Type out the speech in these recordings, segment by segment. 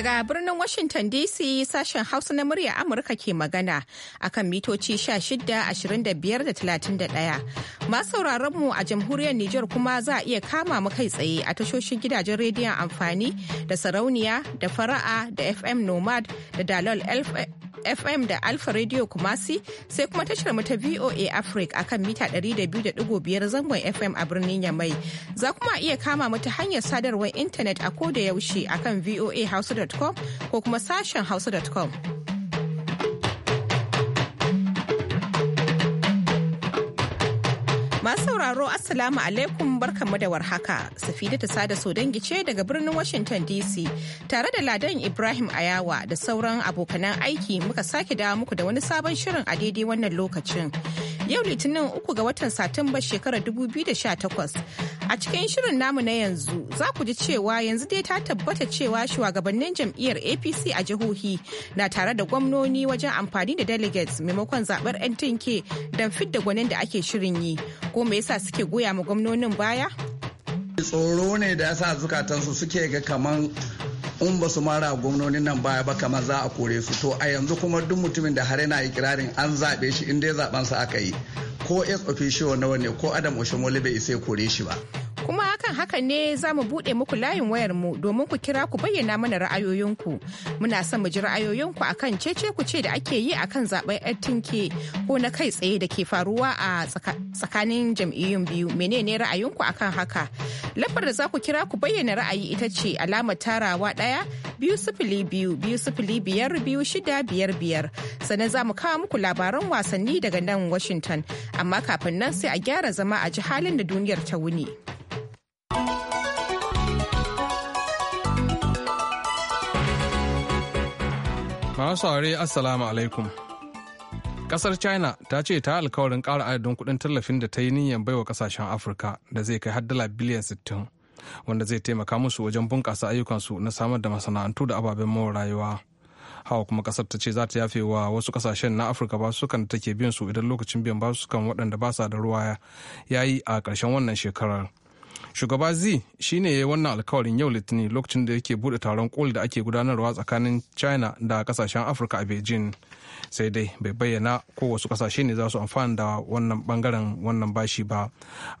Daga birnin Washington DC sashen Hausa na murya Amurka ke magana akan mitoci 16-25-31. Masu sauraron mu a jamhuriyar Nijar kuma za a iya kama mu kai tsaye a tashoshin gidajen rediyon amfani da sarauniya da fara'a da FM Nomad da Dalol FM da Alfa Radio Kumasi sai kuma tashar mu ta VOA Africa akan mita 200.5 zangon FM a birnin Yamai. Za kuma iya kama mu ta hanyar sadarwar intanet a koda yaushe akan voahouse.com ko kuma sashen hausa.com. Masu sauraro Assalamu alaikum barkamu da warhaka. Safida ta sada dangi ce daga birnin Washington DC tare da Ladan Ibrahim Ayawa da sauran abokanan aiki muka sake dawo muku da wani sabon shirin a daidai wannan lokacin. Yau Litinin uku ga watan Satumba shekarar 2018. A cikin shirin namu na yanzu za ku ji cewa yanzu dai ta tabbata cewa shugabannin jam'iyyar APC a jihohi na tare da gwamnoni wajen amfani da delegates maimakon zaɓar 'yan tinke don fidda gwanin da ake shirin yi. Ko me yasa suke goya ma gwamnonin baya? Tsoro ne da yasa zukatansu suke ga kaman in ba su mara gwamnonin nan baya ba kamar za a kore su to a yanzu kuma duk mutumin da har yana ikirarin an zaɓe shi in dai sa aka yi ko ex officio nawa ne ko adam oshomole bai isa ya kore shi ba Kuma hakan haka ne za mu buɗe muku layin wayar mu domin ku kira ku bayyana mana ra'ayoyinku. Muna son mu ji ra'ayoyinku akan cece ku ce da ake yi akan zaɓen 'yar tinke ko na kai tsaye da ke faruwa a tsakanin jam'iyyun biyu. Menene ra'ayinku akan haka? Lambar da za ku kira ku bayyana ra'ayi ita ce alamar tarawa ɗaya biyu sifili biyu biyu sifili biyar biyu shida biyar biyar. Sannan za mu kawo muku labaran wasanni daga nan Washington. Amma kafin nan sai a gyara zama a ji halin da duniyar ta wuni. Masu saurari Assalamu alaikum. Kasar China ta ce ta alkawarin ƙara adadin kudin tallafin da ta yi niyyar baiwa kasashen Afirka da zai kai har dala biliyan 60 wanda zai taimaka musu wajen bunƙasa ayyukansu na samar da masana'antu da ababen more rayuwa. Hawa kuma kasar ta ce za ta yafe wa wasu kasashen na Afirka ba su kan take biyan su idan lokacin biyan ba su kan waɗanda ba sa da ruwa ya yi a ƙarshen wannan shekarar. shugaba xi shine ya yi wannan alkawarin yau litinin lokacin da yake bude taron koli da ake gudanarwa tsakanin china da kasashen afirka a beijing sai dai bai bayyana ko wasu kasashe ne za su amfana da wannan bangaren wannan bashi ba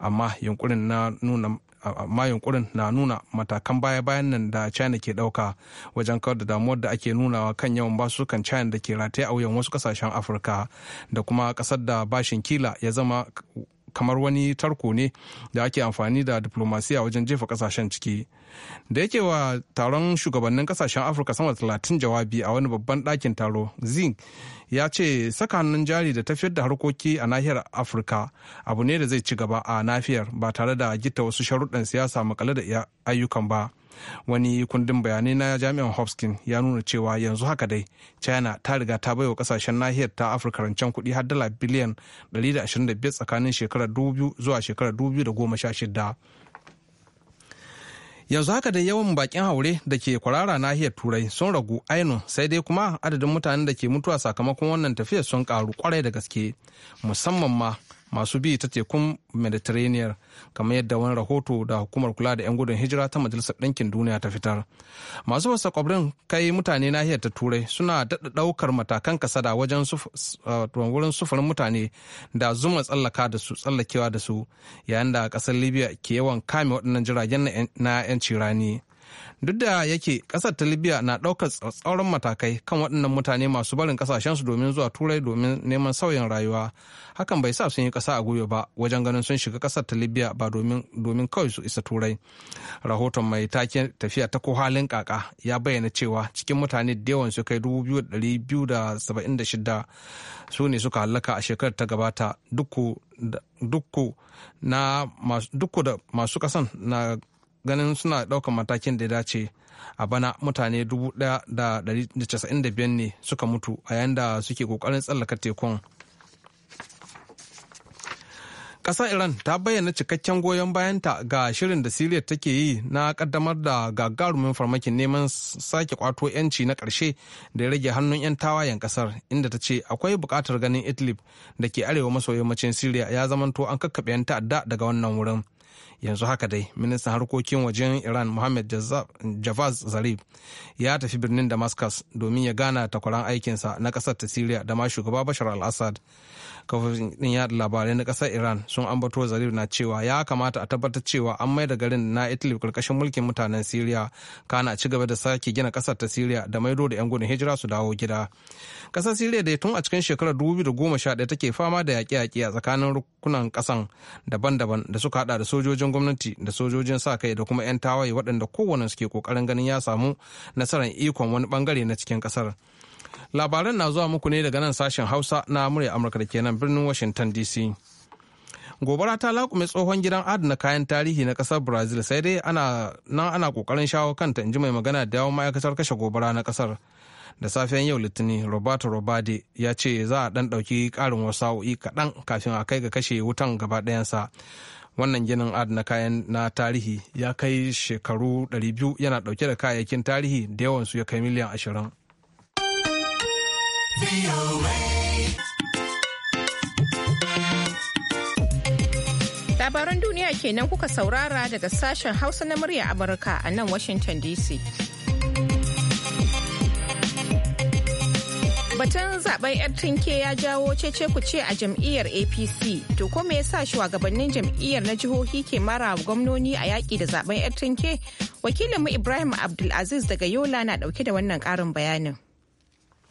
amma yunkurin na nuna amma yunkurin na nuna matakan baya-bayan nan da china ke dauka wajen kawar da damuwar da ake nunawa kan yawan basukan china da ke rataye a wuyan wasu kasashen afirka da kuma kasar da bashin kila ya zama kamar wani tarko ne da ake amfani da diplomasiya wajen jefa kasashen ciki da yake wa taron shugabannin kasashen afirka sama da talatin jawabi a wani babban ɗakin taro zing ya ce saka hannun jari da tafiyar da harkoki a nahiyar afirka abu ne da zai ci gaba a nafiyar ba tare da gita wasu sharuɗan siyasa makale da ayyukan ba wani kundin bayanai na jami'an hopkins ya nuna cewa yanzu haka dai china ta riga ta baiwa kasashen nahiyar ta afirka rancen kuɗi har dala biliyan 125 tsakanin shekarar 2000 zuwa shekarar 2016 yanzu haka da yawan bakin haure da ke kwarara nahiyar turai sun ragu ainu sai dai kuma adadin mutanen da ke mutuwa sakamakon wannan tafiyar sun karu kwarai da gaske musamman ma masu bi ta tekun mediterranean kamar yadda wani rahoto da hukumar kula da 'yan gudun hijira ta majalisar ɗinkin duniya ta fitar masu wasa kwabrin kai mutane nahiyar ta turai suna daɗa ɗaukar matakan kasada wajen wurin sufurin mutane da zuma tsallaka da su tsallakewa da su yayin da ƙasar libya ke yawan kame waɗannan jiragen na 'yanci rani duk da yake kasar ta libya na ɗaukar tsauran matakai kan waɗannan mutane masu barin su domin zuwa turai domin neman sauyin rayuwa hakan bai sa sun yi ƙasa a gwiwa ba wajen ganin sun shiga ƙasar ta libya ba domin kawai su isa turai rahoton mai taken tafiya ta ko halin kaka ya bayyana cewa cikin mutane da yawan su kai 2,276 su ne suka halaka a shekarar ta gabata dukku da masu kasan na ganin suna ɗaukar matakin da ya dace a bana mutane 1,195 ne suka mutu a yayin da suke kokarin tsallaka tekun ƙasar iran ta bayyana cikakken goyon bayanta ga shirin da siriya take yi na kaddamar da gagarumin farmakin neman sake kwato 'yanci na ƙarshe da ya rage hannun 'yan tawayen ƙasar inda ta ce akwai buƙatar ganin idlib da ke arewa maso yammacin siriya ya zamanto an kakkaɓe 'yan ta'adda daga wannan wurin yanzu haka dai ministan harkokin wajen iran mohammed javaz zarif ya tafi birnin damascus domin ya gana takwaran aikinsa na kasar ta syria da ma shugaba bashar al-assad kafofin yada labarai na kasar iran sun ambato zarif na cewa ya kamata a tabbatar cewa an mai da garin na italy karkashin mulkin mutanen syria kana ci gaba da sake gina kasar ta syria da maido da 'yan gudun hijira su dawo gida ƙasar syria dai tun a cikin shekarar 2011 take fama da yaƙe-yaƙe a tsakanin rukunan kasan daban-daban da suka hada da sojojin gwamnati da sojojin sa kai da kuma 'yan tawaye waɗanda kowane suke kokarin ganin ya samu nasarar ikon wani bangare na cikin kasar labaran na zuwa muku ne daga nan sashen hausa na murya amurka da kenan birnin washington dc gobara ta lakume tsohon gidan adana kayan tarihi na kasar brazil sai dai ana nan ana kokarin shawo kanta inji mai magana da yawon ma'aikatar kashe gobara na ƙasar da safiyan yau litinin roberto robade ya ce za a dan dauki karin sa'o'i kaɗan kafin a kai ga kashe wutan gaba ɗayansa wannan ginin adana kayan na tarihi ya kai shekaru 200 yana ɗauke da kayayyakin tarihi da yawansu ya kai miliyan ashirin. Labaran duniya kenan kuka saurara daga sashen Hausa na murya Amurka a nan Washington DC. Batun zaben 'yar tinke ya jawo cece ku ce a jam'iyyar APC. To ko me yasa shugabannin jam'iyyar na jihohi ke mara gwamnoni a yaƙi da zaben 'yar tinke? Wakilinmu Ibrahim Abdulaziz daga Yola na ɗauke da wannan ƙarin bayanin.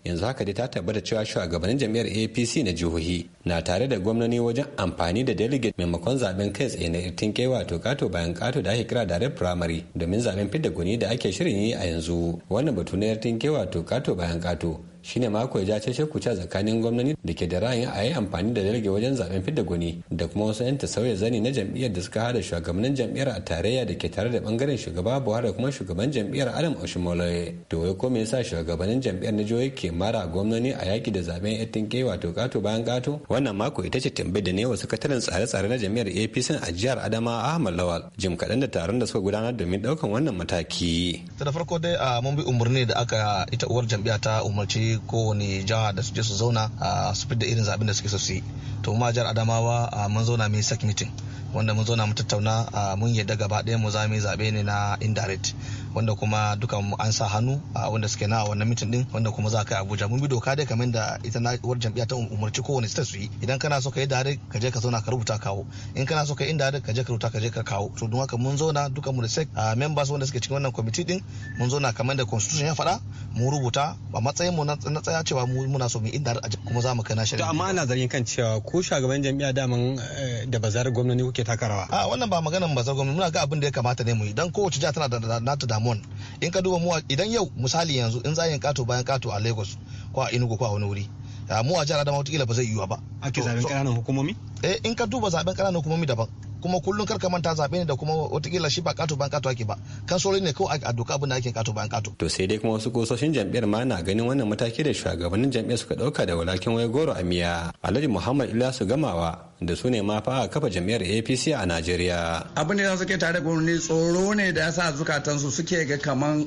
yanzu haka dai ta tabbata cewa shugabannin jam'iyyar apc na jihohi na tare da gwamnoni wajen amfani da delegate maimakon zaben kai tsaye na irtin kai wato kato bayan kato da ake kira direct primary domin zaben fidda guni da ake shirin yi a yanzu wannan batu na irtin kai wato kato bayan kato shine mako ya jace ce kuce tsakanin gwamnati da ke da ra'ayin a yi amfani da dalge wajen zaben fidda gwani da kuma wasu 'yan sauya zani na jam'iyyar da suka hada shugabannin jam'iyyar a tarayya da ke tare da bangaren shugaba buhari da kuma shugaban jam'iyyar adam oshimoloye to wai ko me yasa shugabannin jam'iyyar na jihohi ke mara gwamnati a yaki da zaben yattin ke wato kato bayan kato wannan mako ita ce tambayar da ne wa sakataren tsare-tsare na jam'iyyar apc a jihar adama ahmad lawal jim kaɗan da taron da suka gudanar domin ɗaukan wannan mataki. da farko dai ah, mun bi umarni da aka ita uwar jam'iyya ta umarci Ko kowane jiha da suke su zauna a su da irin zaɓen da suke so su yi to ma jihar adamawa mun zauna mun yi sac meeting wanda mun na mu tattauna mun yadda gaba ɗaya mu za mu zaɓe ne na indirect wanda kuma duka mu an sa hannu a wanda suke na wannan mitin din wanda kuma za ka yi Abuja mun bi doka dai kamar da ita na war jam'iyya ta umarci kowane state su yi idan kana so ka yi dare ka je ka zauna ka rubuta kawo in kana so ka yi indirect ka je ka rubuta ka je ka kawo to don haka mun zauna duka mu da sec members wanda suke cikin wannan committee din mun zauna kamar da constitution ya faɗa mu rubuta a matsayin mu na tsaya cewa mu muna so mu indirect kuma za mu kai na shari'a to amma ana zargin kan cewa ko shugaban jam'iyya daman eh, da bazar gwamnati ke takarawa. a wannan ba maganan ba zagon muna ga abin da ya kamata ne mu yi don kowace jiha tana da nata damon. in ka duba mu idan yau misali yanzu in za yin kato bayan kato a Lagos ko a Enugu ko a wani wuri Ah, mu a jihar adamawa wataƙila ba zai yiwa ba ake zaben ƙananan hukumomi eh in ka duba zaben ƙananan hukumomi daban kuma kullum kar ka manta zaɓe ne da kuma wataƙila shi ba ƙato ban ƙato ake ba kan solo ne kawai a doka abin da ake ƙato ban ƙato. to sai dai kuma wasu gososhin jam'iyyar ma na ganin wannan mataki da shugabannin jam'iyyar suka ɗauka da walakin wai goro a miya alhaji muhammad ilyasu gamawa da su ne ma fa a kafa jam'iyyar apc a najeriya. abin da suke tare da gwamnati tsoro ne da ya sa zukatansu suke ga kaman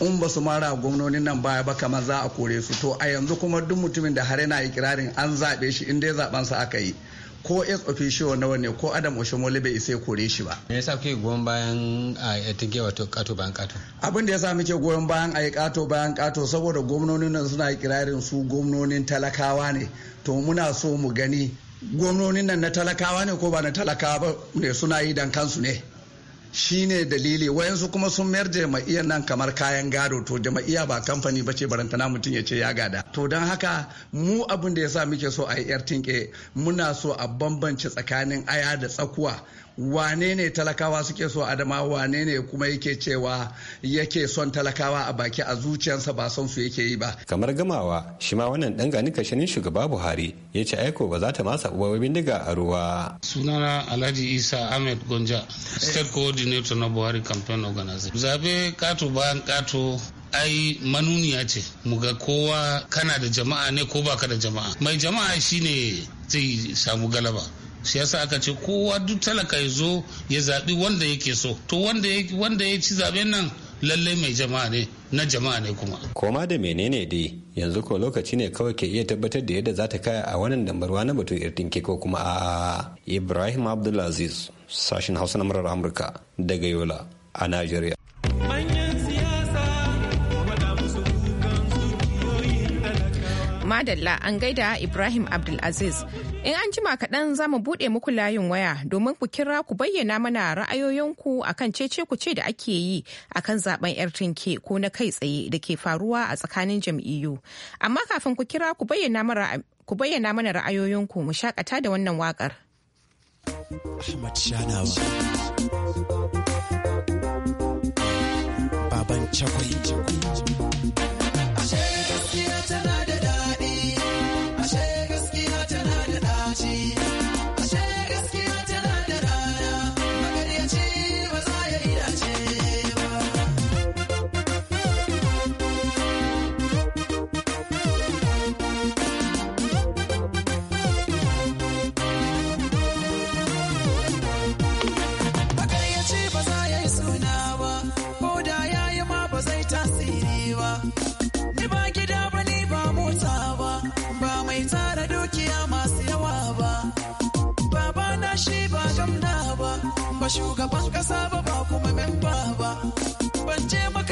in ba su mara gwamnonin nan baya ba kamar za a kore su to a yanzu kuma duk mutumin da har yana ikirarin an zaɓe shi inda ya zaɓen su aka yi ko ex officio nawa ne ko adam oshomole bai isa kore shi ba me yasa kuke goyon bayan a tinge wato kato bayan kato abin da yasa muke goyon bayan a kato bayan kato saboda gwamnonin nan suna kirarin su gwamnonin talakawa ne to muna so mu gani gwamnonin nan na talakawa ne ko ba na talakawa ba ne suna yi dan kansu ne shine dalili wayansu kuma sun mayar jama'iyyar nan kamar kayan gado to jama'iyya ba kamfani ba ce barantana mutum ya ce ya gada to don haka mu abin da ya sa muke so a yi yar tinke muna so a bambance tsakanin aya da tsakuwa wane ne talakawa suke so adama wane ne kuma yake cewa yake son talakawa a baki a zuciyarsa ba son su yake yi ba kamar gamawa shi ma wannan dan gani kashinin shugaba buhari ya ce aiko ba za ta masa uwa bindiga a ruwa sunana alhaji isa ahmed gonja state coordinator na buhari campaign organizer zabe kato bayan kato ai manuniya ce muga kowa kana da jama'a ne ko baka da jama'a mai jama'a shine zai samu galaba shi yasa aka ce kowa duk talaka ya zo ya zaɓi wanda yake so to wanda ya ci zaɓen nan lallai mai jama'a ne na jama'a ne kuma. Koma da menene dai yanzu ko lokaci ne kawai ke iya tabbatar da yadda za ta kaya a wannan dambarwa na batun irtinke ko kuma a Ibrahim Abdulaziz sashen Hausa na murar Amurka daga Yola a Najeriya. Madalla an gaida Ibrahim Abdulaziz In an jima kaɗan za mu buɗe muku layin waya domin ku kira ku bayyana mana ra'ayoyinku akan cece ku ce da ake yi akan zaben yar tinke ko na kai tsaye da ke faruwa a tsakanin jam'iyyu. Amma kafin ku kira ku bayyana mana ra'ayoyinku mu shakata da wannan waƙar. Baban Chakwai. Ashe gaskiya ta ba shugaban kasa ba ba kuma memba ba ban maka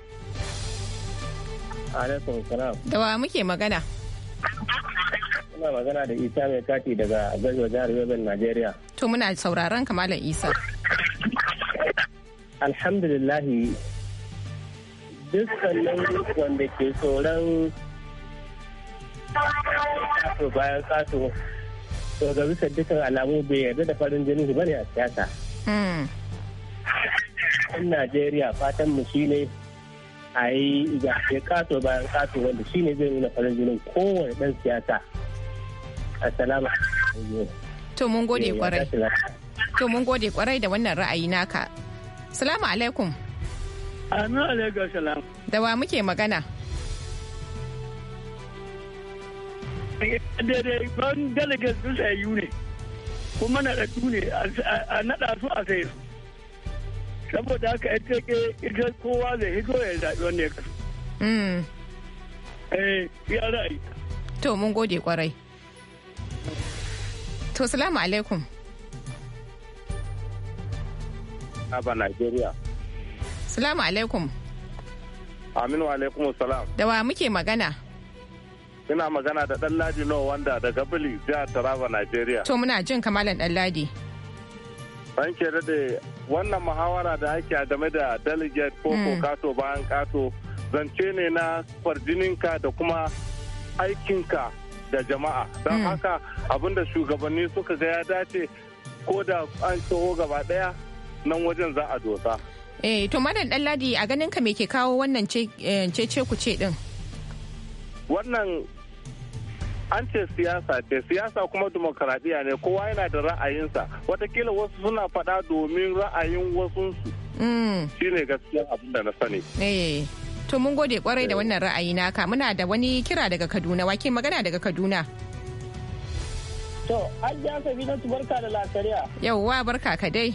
Alaikum salam. Da wa muke magana? Ina magana da Isa mai kati daga Gajwa jihar Yobin Najeriya. To muna sauraron ka Isa. Alhamdulillahi dukkanin wanda ke tsoron kato bayan kato to ga bisa dukkan alamu bai yarda da farin jini ba ne a siyasa. Hmm. Yan Najeriya fatan mu shine ne a yi ya kato bayan kato wanda shi ne zai nuna farin jinin kowane ɗan siyasa salama to mun gode kwarai to mun gode kwarai da wannan ra'ayi naka salamu alaikum amin alaikum salam da wa muke magana daidai ban delegates sun sayu ne kuma naɗaɗu ne a naɗa su a sayi su saboda haka ya take ita kowa zai hito ya zaɓi wanda ya kasu. Hmm. Eh, ya ra'ayi. To, mun gode kwarai. To, salamu alaikum. Aba Nigeria. Salamu alaikum. Aminu alaikum salam. Da wa muke magana? Ina magana da ɗan Ladi wanda daga Bili, jihar Taraba, Nigeria. To, muna jin kamalan ɗan Ladi. an ke da wannan muhawara da ake a game da delegate ko ko hmm. kato bayan kato zance ne na farjininka da kuma aikinka da jama'a don hmm. haka abinda shugabanni suka ga ya dace ko da an taho gaba daya nan wajen za a dosa. Eh, to madan ɗanladi a ganin ka me ke kawo wannan ce ku ce din? Wannan an ce siyasa ce siyasa kuma demokaradiyya ne kowa yana da ra'ayinsa watakila wasu suna fada domin ra'ayin su mm. shi ne gaskiya abin da na sani eh, to mun gode kwarai da eh. wannan ra'ayi naka muna da wani kira daga kaduna wake magana daga kaduna to ajiya sabina barka da lasariya yauwa barka ka dai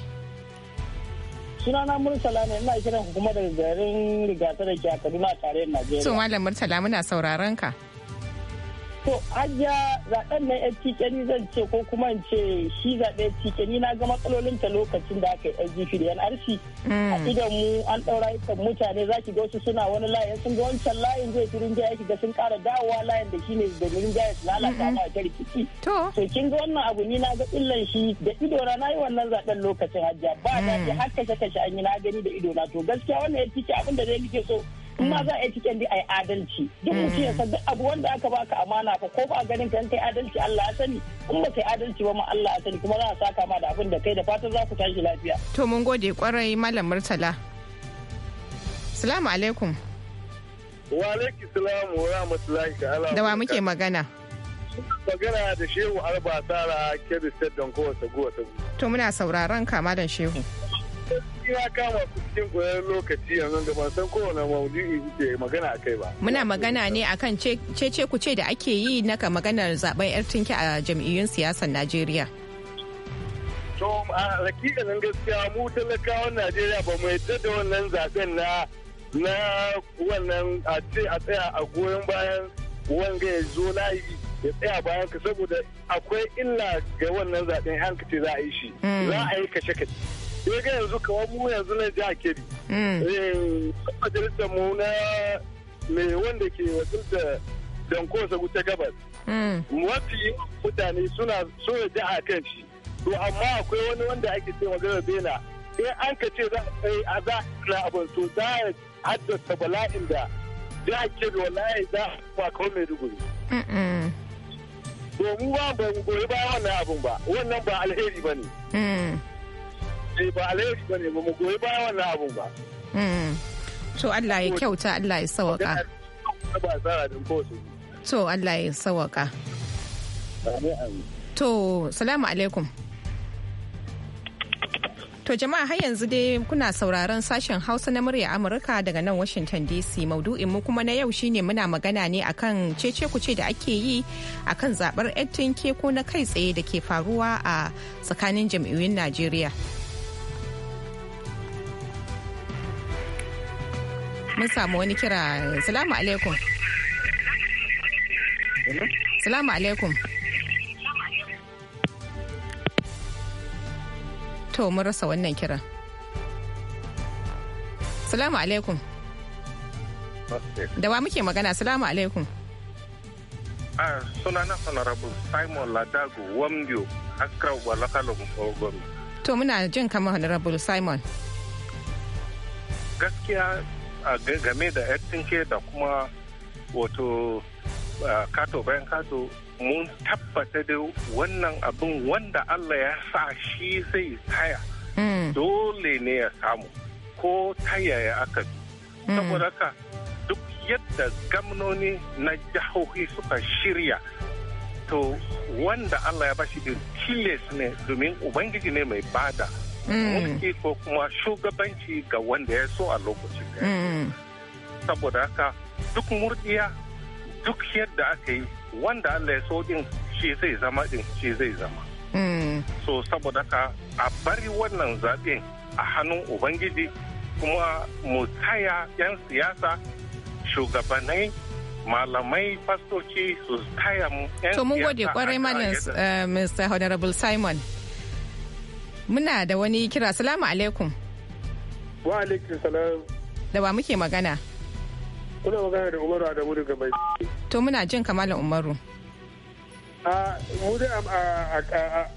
sunana murtala ne ina kiran kuma daga garin rigasa da ke a kaduna tare da najeriya su malam murtala muna sauraron ka To ajiya zaɓen nan FTK cikeni zan ce ko kuma in ce shi zaɓe cikeni na ga matsalolin ta lokacin da aka yi LGP da NRC. A idan mu an ɗaura yakan mutane za ki ga wasu suna wani layin sun ga wancan layin zai fi rinjaye ki ga sun ƙara dawowa layin da shi da rinjaye su lalata mm-hmm. ma ta rikici. To kin ga wannan abu ni na ga illan shi da ido na na yi wannan zaɓen lokacin ajiya ba da mm. har kashe kashe an yi na gani da ido na to gaskiya wannan FTK abin da zai nike so kuma za a yi cikin dai a yi adalci duk mm. mutum ya san abu wanda aka baka amana fa ko ba ganin kan kai adalci Allah ya sani in ba kai adalci ba ma Allah ya sani kuma za a saka ma da abin da kai da fatan za ku tashi lafiya to mun gode kwarai malam Murtala Salamu alaikum Wa alaikum salam wa rahmatullahi ta'ala Da wa muke magana Magana da Shehu Alba Sara Kebbi State Donkowa Saguwa ta To muna sauraron ka malam Shehu ya kama cikin lokaci yanzu da ban san kowane maudu'i magana a kai ba. Muna magana ne a kan cece ku ce da ake yi na ka maganar zaben yar tinki a jam'iyyun siyasar Najeriya. To a hakikanin gaskiya mu talakawan Najeriya ba mu yadda da wannan zaben na na wannan a ce a tsaya a goyon bayan wanga ya zo layi ya tsaya bayan ka saboda akwai illa ga wannan zaben an za a yi shi mm. za a yi kashe-kashe. sai ga yanzu kamar mu yanzu na jiha kebbi hmm. eh, majalisar mu na mai wanda ke wasu wakilta dankosa wuta gabas hmm. mafi mutane suna so ya ji a kan shi to amma akwai wani wanda ake ce magana bena in an ka ce za a yi a za a to za a haddasa bala'in da ji a ce wallahi za a ba kawai maiduguri to mu ba mu goyi ba wannan abin ba wannan ba alheri ba ne hmm. Eh, mm. To Allah ya kyauta Allah ya sawaka. To Allah ya sawaka. To salamu alaikum. To jama'a har yanzu dai kuna sauraron sashen Hausa na murya Amurka daga nan Washington DC maudu'in mu kuma na yau shine muna magana ne akan cece kuce da ake yi akan zabar 'yan ko na kai tsaye da ke faruwa a tsakanin jam'iyyun Najeriya. mun samu wani kira salamu alaikum salamu alaikum to mun rasa wannan kira salamu alaikum da ba muke magana salamu alaikum ah sunana honorable simon ladago wambiyo accra walakalon ogomi to muna jin kama honorable simon gaskiya A game da ke da kuma wato kato bayan kato mun tabbata da wannan abin wanda Allah ya sa shi zai taya hmm. dole ne ya samu ko tayaya aka bi hmm. saboda ka duk yadda gamnoni na jahohi suka shirya to wanda Allah ya bashi din tiles ne domin ubangiji ne mai bada mulki ko kuma shugabanci ga wanda ya so a lokacin da mm. saboda haka duk murdiya duk yadda aka yi wanda Allah ya so din shi zai zama din shi zai zama mm. so saboda haka a bari wannan zaɓen a hannun ubangiji kuma mu taya 'yan siyasa shugabanai malamai fastoci su taya mu 'yan siyasa to mun gode kwarai mr eh, honorable simon Muna da wani kira. Salamu alaikum. Wa alaikum salam. Da ba muke magana? Kuna magana da Umaru Adamu daga bai. To muna jin kamalin Umaru. A wuri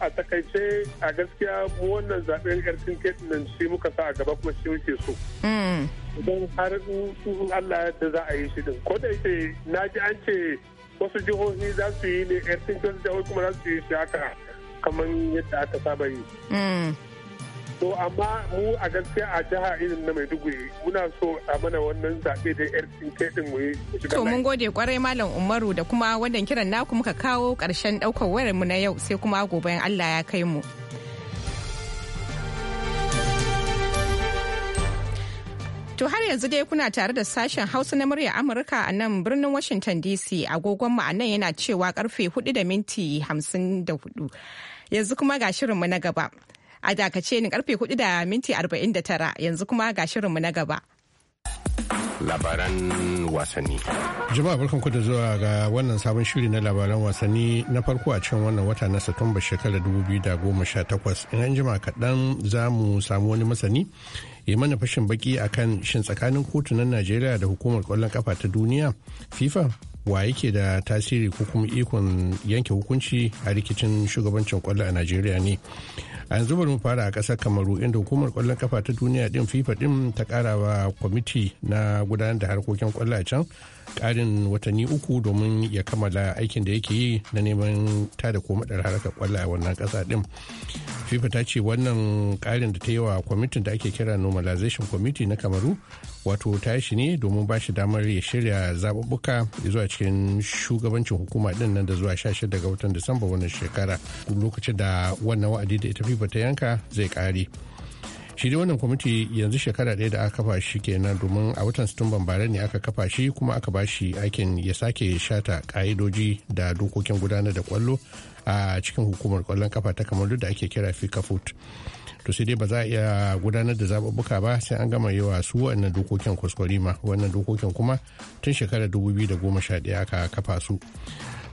a takaice a gaskiya wannan zaɓen ƙarfin keɗin nan shi muka sa a gaba kuma shi muke so. Hmm. don har in Allah da za a yi shi din. Ko da yake na ji an ce wasu jihohi za su yi ne ƙarfin keɗin jihohi kuma za su yi shi haka. kamar yadda aka saba yi. Mm. To amma mu a gaskiya a jiha irin na Maiduguri muna so a mana wannan zaɓe da yar tsinke din mu yi. To mun gode kwarai Malam Umaru da kuma wannan kiran naku muka kawo ƙarshen ɗaukar wayar mu na yau sai kuma gobe Allah ya kai mu. To har yanzu dai kuna tare da sashen Hausa na murya Amurka a nan birnin Washington DC agogon mu a nan yana cewa karfe hudu da minti 54. Yanzu kuma ga shirinmu na gaba. A dakace ni karfe 4 da minti 49 yanzu kuma ga shirinmu na gaba. Labaran wasanni. Jama'a barkanku da zuwa ga wannan sabon shiri na labaran wasanni na farko a cikin wannan wata na Satumba shekarar 2018. In an jima kaɗan za mu samu wani masani ya mana fashin baki akan shin tsakanin kotunan Najeriya da hukumar kwallon kafa ta duniya FIFA wa yake da tasiri ko kuma ikon yanke hukunci a rikicin shugabancin kwallo a najeriya ne a yanzu bari mu fara a ƙasar kamaru inda hukumar kwallon kafa ta duniya din fifa din ta kara wa kwamiti na gudanar da harkokin kwallo a can karin watanni uku domin ya kammala aikin da yake yi na neman tada ko madar harkar kwallo a wannan kasa ɗin fifa ta ce wannan karin da ta yi wa kwamitin da ake kira normalization committee na kamaru wato ta shi ne domin ba shi damar ya shirya zaɓuɓɓuka zuwa cikin shugabancin hukuma din nan da zuwa 16 ga watan disamba wannan shekara lokacin da wannan wa'adi da ita fifa ta yanka zai ƙare shi dai wannan kwamiti yanzu shekara ɗaya da aka kafa shi kenan domin a watan satumban bara ne aka kafa shi kuma aka ba shi aikin ya sake shata ka'idoji da dokokin gudanar da kwallo a cikin hukumar kwallon kafa ta kamar da ake kira fika foot to sai dai ba za a iya gudanar da zaɓuɓɓuka ba sai an gama yawa su wannan dokokin kwaskwarima wannan dokokin kuma tun shekarar ɗaya aka kafa su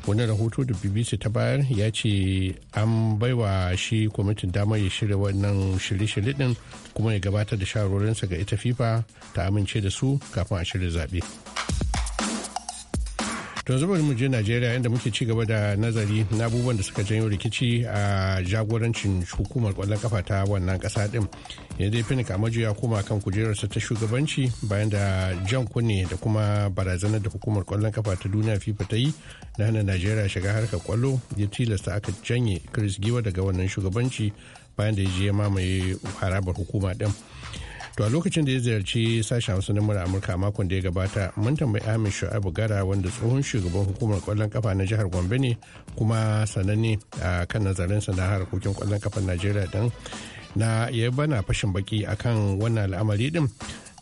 wani rahoto da bbc ta bayar ya ce an baiwa shi kwamitin damar ya shirya wannan shirye-shirye din kuma ya gabatar da shawarorinsa ga ita fifa ta amince da su kafin a shirya zaɓe. to zuba mu je najeriya inda muke ci gaba da nazari na abubuwan da suka janyo rikici a jagorancin hukumar kwallon kafa ta wannan kasa din yanzu finik amaju ya koma kan kujerarsa ta shugabanci bayan da jan kunne da kuma barazanar da hukumar kwallon kafa ta duniya fifa ta yi na hana najeriya shiga harkar kwallo ya tilasta aka janye chris giwa daga wannan shugabanci bayan da ya je mamaye harabar hukuma din To a lokacin da ya ziyarci sashen Hausa na mura Amurka makon da ya gabata mun tambayi Amin Shu'abu Gara wanda tsohon shugaban hukumar kwallon kafa na jihar Gombe ne kuma sananne a kan nazarin na harkokin kwallon kafar Najeriya din na ya bana fashin baki akan wannan al'amari din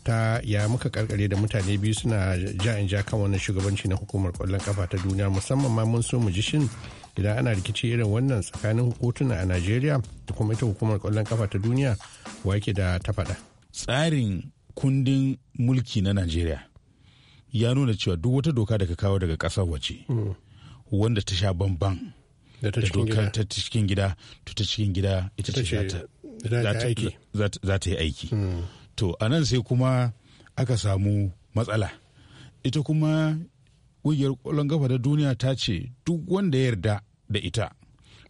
ta ya muka karkare da mutane biyu suna ja in ja kan wannan shugabanci na hukumar kwallon kafa ta duniya musamman ma mun so mu ji shin idan ana rikici irin wannan tsakanin hukutuna a Najeriya da kuma ita hukumar kwallon kafa ta duniya wa yake da ta faɗa. tsarin kundin mulki na najeriya ya nuna cewa duk wata doka da ka kawo daga ƙasar waje hmm. wanda ta sha bamban da ta cikin gida to ta cikin gida ita ce za ta yi aiki hmm. to a nan sai kuma aka samu matsala ita kuma ƙungiyar ƙwallon gafa na duniya ta ce duk wanda ya yarda da ita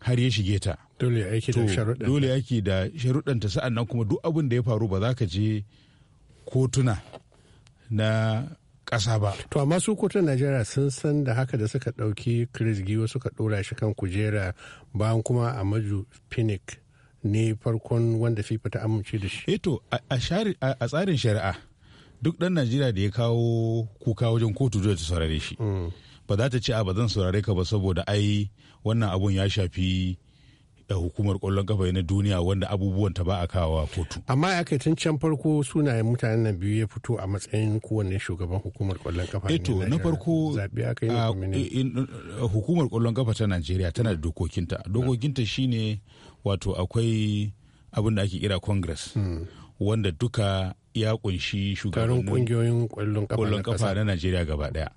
har ya shige ta dole aiki da sharuɗan dole aiki da sharuɗan sa'an nan kuma duk abin da ya faru ba za ka je kotuna na ƙasa ba to amma su kotun najeriya sun san da haka da suka ɗauki chris giwa suka ɗora shi kan kujera bayan kuma a maju phoenix ne farkon wanda fifa ta amince da shi eto eh a tsarin shari'a duk ɗan najeriya da ya kawo kuka wajen kotu dole ta saurare shi mm. ba za ta ce a ba zan saurare ka ba saboda ai wannan abun ya shafi da hukumar kwallon kafa na duniya wanda abubuwan ta ba a kawo kotu amma ya kai tun can farko sunayen mutanen nan biyu ya fito a matsayin kowanne shugaban hukumar kwallon kafa eto na farko eh, eh, hukumar kwallon kafa ta Najeriya tana da dokokinta dokokinta shine wato akwai abin da ake kira congress hmm. wanda duka ya kunshi shugabannin kungiyoyin kwallon kafa na Najeriya gaba daya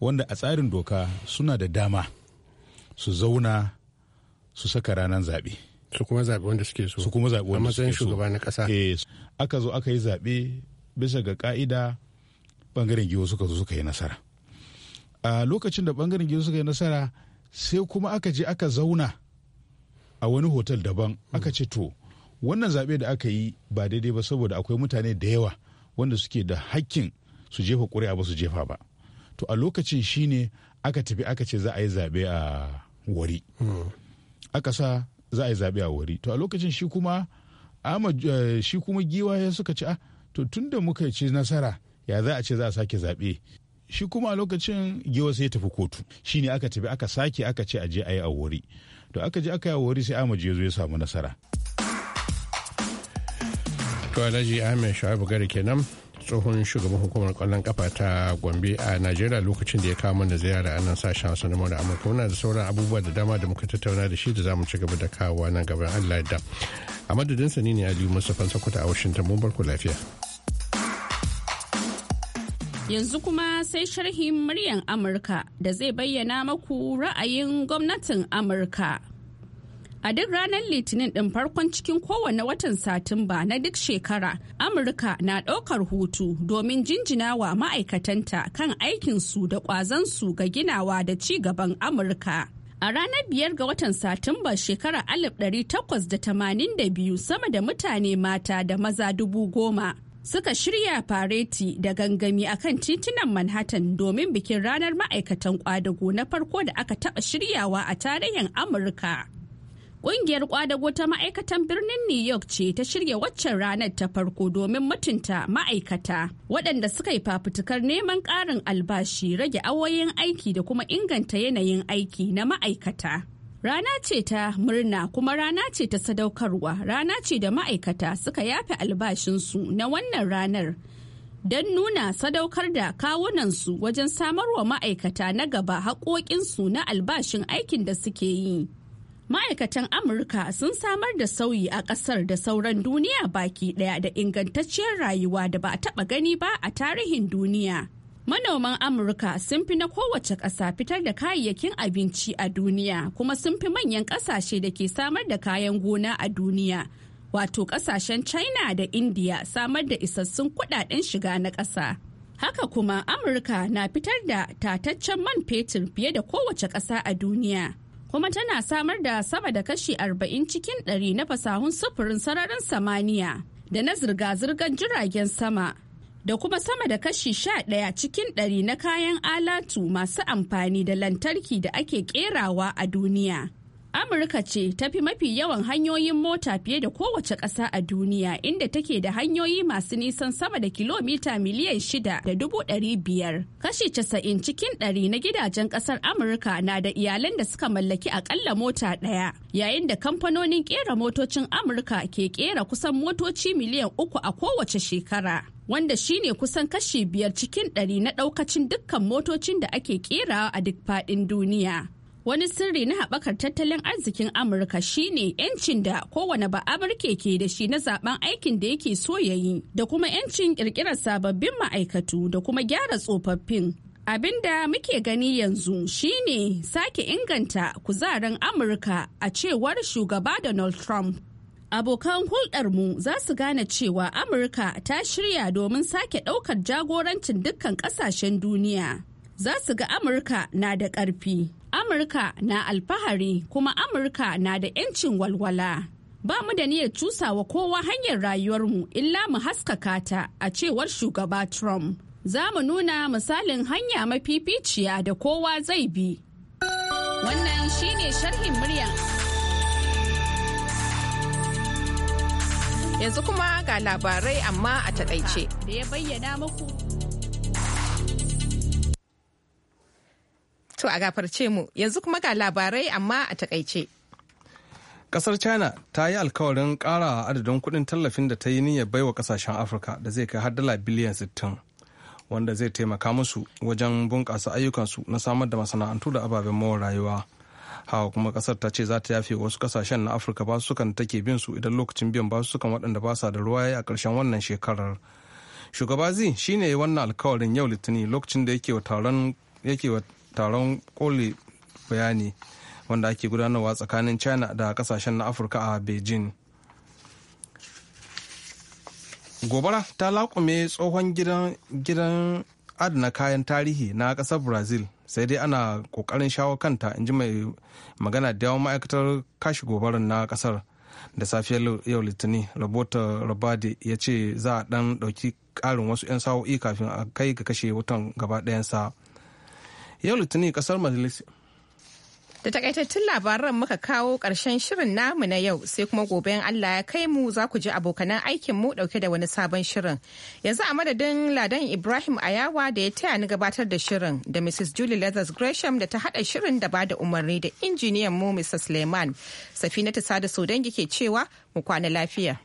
wanda a tsarin doka suna da dama su zauna su saka ranar zaɓe su kuma zaɓi wanda suke so su kuma zaɓi wanda suke so shugaba na ƙasa eh aka zo aka yi zaɓe bisa ga ƙa'ida bangaren giwo suka zo suka yi nasara a lokacin da bangaren giwo suka yi nasara sai kuma aka je aka zauna a wani hotel daban aka ce to wannan zaɓe da aka yi ba daidai ba saboda akwai mutane da yawa wanda suke da hakkin su jefa ƙuri'a ba su jefa ba to a lokacin shine aka tafi aka ce za a yi zaɓe a wari hmm. aka sa za a yi zaɓe a wuri to a lokacin shi kuma eh, shi kuma giwa ya suka ci ah, to tun muka ci nasara ya za a ce za a sake zaɓe shi kuma a lokacin giwa sai ya tafi kotu shi ne aka tafi aka sake aka ce a je a yi a wuri to aka je aka yi a wuri sai amma ya ya samu nasara to alhaji ahmed shu'aibu gari kenan tsohon shugaban hukumar kwallon kafa ta gombe a najeriya lokacin da ya kawo mana ziyara a nan sashen hausa na mura amurka muna da sauran abubuwa da dama da muka tattauna da shi da zamu ci gaba da kawowa nan gaban allah da a madadin sani ne aliyu mustapha sakwata a washington mun ku lafiya yanzu kuma sai sharhin muryan amurka da zai bayyana maku ra'ayin gwamnatin amurka A duk ranar Litinin ɗin farkon cikin kowane watan Satumba na duk shekara, Amurka na ɗaukar hutu domin jinjina wa ma'aikatanta kan aikinsu da ƙwazansu ga ginawa da ci gaban Amurka. A ranar biyar ga watan Satumba shekarar 1882 sama da mutane mata da maza dubu goma suka shirya fareti da gangami a kan titunan Manhattan domin bikin ranar ma'aikatan ƙwadago na farko da aka taɓa shiryawa a tarihin Amurka. Ƙungiyar ƙwadago ta ma'aikatan birnin New York ce ta shirya waccan ranar ta farko domin mutunta ma'aikata waɗanda suka yi fafutukar neman ƙarin albashi rage awoyin aiki da kuma inganta yanayin aiki na ma'aikata. Rana ce ta murna kuma rana ce ta sadaukarwa rana ce da ma'aikata suka yafe albashinsu na wannan ranar don nuna sadaukar da kawunansu wajen samarwa ma'aikata na gaba haƙoƙinsu na albashin aikin da suke yi. ma'aikatan amurka sun samar da sauyi a ƙasar da sauran duniya baki ɗaya da ingantacciyar rayuwa da ba a taɓa gani ba a tarihin duniya manoman amurka sun fi na kowace ƙasa fitar da kayayyakin abinci a duniya kuma sun fi manyan ƙasashe da ke samar da kayan gona a duniya wato ƙasashen china da india samar da isassun kuɗaɗen shiga na ƙasa haka kuma amurka na fitar da tataccen man fetur fiye da kowace ƙasa a duniya kuma tana samar da sama da kashi arba'in cikin ɗari na fasahun sufurin sararin samaniya da na zirga-zirgar jiragen sama da kuma sama da kashi sha ɗaya cikin ɗari na kayan alatu masu amfani da lantarki da ake ƙerawa a duniya. Amurka ce ta fi mafi yawan hanyoyin mota fiye da kowace ƙasa a duniya inda take da hanyoyi masu nisan sama da kilomita miliyan shida da dubu ɗari biyar. Kashi casa'in cikin ɗari na gidajen ƙasar Amurka na da iyalan da suka mallaki aƙalla mota ɗaya. Yayin da kamfanonin ƙera motocin Amurka ke ƙera kusan motoci miliyan uku a kowace shekara. wanda shi ne kusan kashi biyar cikin ɗari na ɗaukacin dukkan motocin da ake ƙerawa a duk faɗin duniya. Wani sirri na haɓakar tattalin arzikin Amurka shine 'yancin da kowane ba'amurke ke da shi na zaben aikin da yake so ya yi da kuma 'yancin ƙirƙirar sababbin ma'aikatu da kuma gyara tsofaffin. Abin da muke gani yanzu shine sake inganta kuzarin Amurka a cewar shugaba Donald Trump. abokan hulɗarmu za su gane cewa amurka ta shirya domin sake ɗaukar jagorancin dukkan ƙasashen duniya za su ga amurka na da ƙarfi Amurka na alfahari kuma Amurka na da 'yancin walwala. Ba mu da niyyar wa kowa hanyar rayuwarmu illa mu haskaka ta a cewar shugaba Trump. Za mu nuna misalin hanya mafificiya da kowa zai bi. Wannan shine sharhin murya. Yanzu kuma ga labarai amma a taƙaice. Da ya bayyana muku. To a gafarce mu yanzu kuma ga labarai amma a takaice. Kasar China ta yi alkawarin ƙara adadin kuɗin tallafin da ta yi niyyar baiwa kasashen Afirka da zai kai har dala biliyan 60 wanda zai taimaka musu wajen bunƙasa ayyukansu na samar da masana'antu da ababen mawar rayuwa. hawa kuma kasar ta ce za ta yafe wasu kasashen na afirka ba sukan take bin su idan lokacin biyan ba sukan waɗanda ba sa da ruwa ya a ƙarshen wannan shekarar shugaba zi ne wannan alkawarin yau litinin lokacin da yake wa taron yake wa taron koli bayani wanda ake gudanarwa tsakanin china da kasashen na afirka a beijing gobara ta laƙume tsohon gidan adana kayan tarihi na ƙasar brazil sai dai ana ƙoƙarin shawo kanta in ji mai magana da yawan ma'aikatar kashe gobarar na ƙasar da safiyar yau litinin rabota rabade ya ce za a ɗan ɗauki ƙarin wasu 'yan sa'o'i kafin a kai ga kashe wutan gaba ɗayansa yau litinin kasar malaysia Da takaitattun labaran muka kawo ƙarshen shirin namu na yau sai kuma gobe in Allah ya kai mu za ku ji abokanan aikin mu dauke da wani sabon shirin. Yanzu a madadin Ladan Ibrahim Ayawa da ya taya ni gabatar da shirin da Mrs. Julie Leathers Gresham da ta hada shirin da bada umarni da injiniyan mu Mr. Suleiman. Safinatu Sada Sodangi ke cewa mu kwana lafiya.